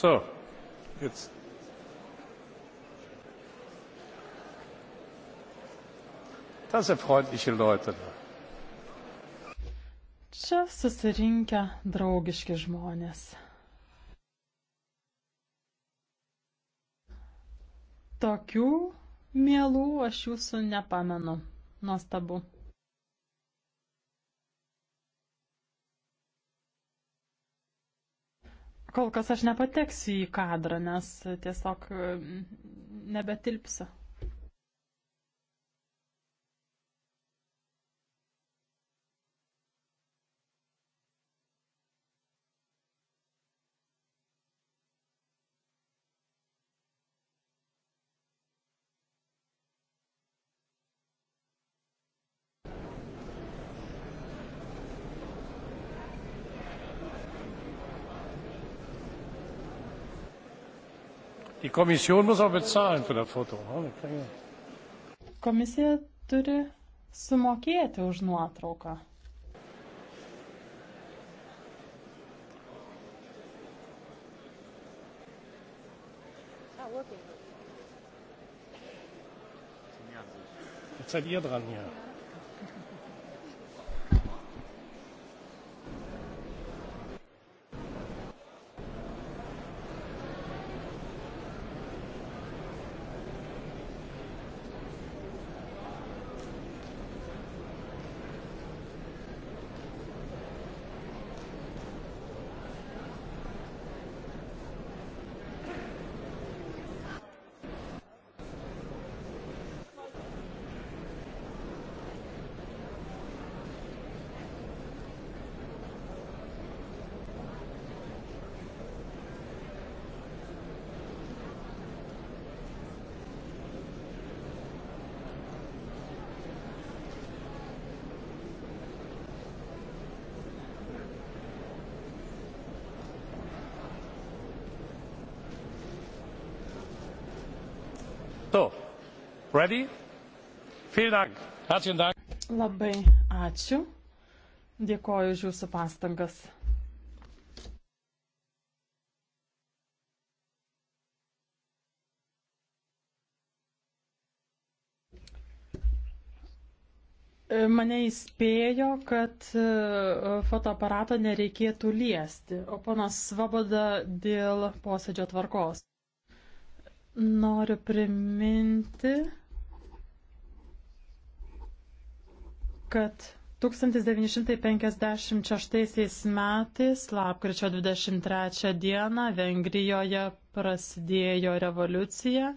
So, jetzt. Das sind freundliche Leute. Čia susirinkę draugiški žmonės. Tokių mielų aš jūsų nepamenu. Nuostabu. Kol kas aš nepateksiu į kadrą, nes tiesiog mm, nebetilpsiu. Die Kommission muss auch bezahlen für das Foto. Komisija turi sumokėti už nuotrauką. Jetzt seid ihr dran hier. So, ready? Vielen Dank. Herzlichen Dank. Labai ačiū. Dėkoju už jūsų pastangas. Mane įspėjo, kad e, fotoaparato nereikėtų liesti, o ponas Svoboda dėl posėdžio tvarkos. Noriu priminti, kad 1956 metais, lapkričio 23 dieną, Vengrijoje prasidėjo revoliucija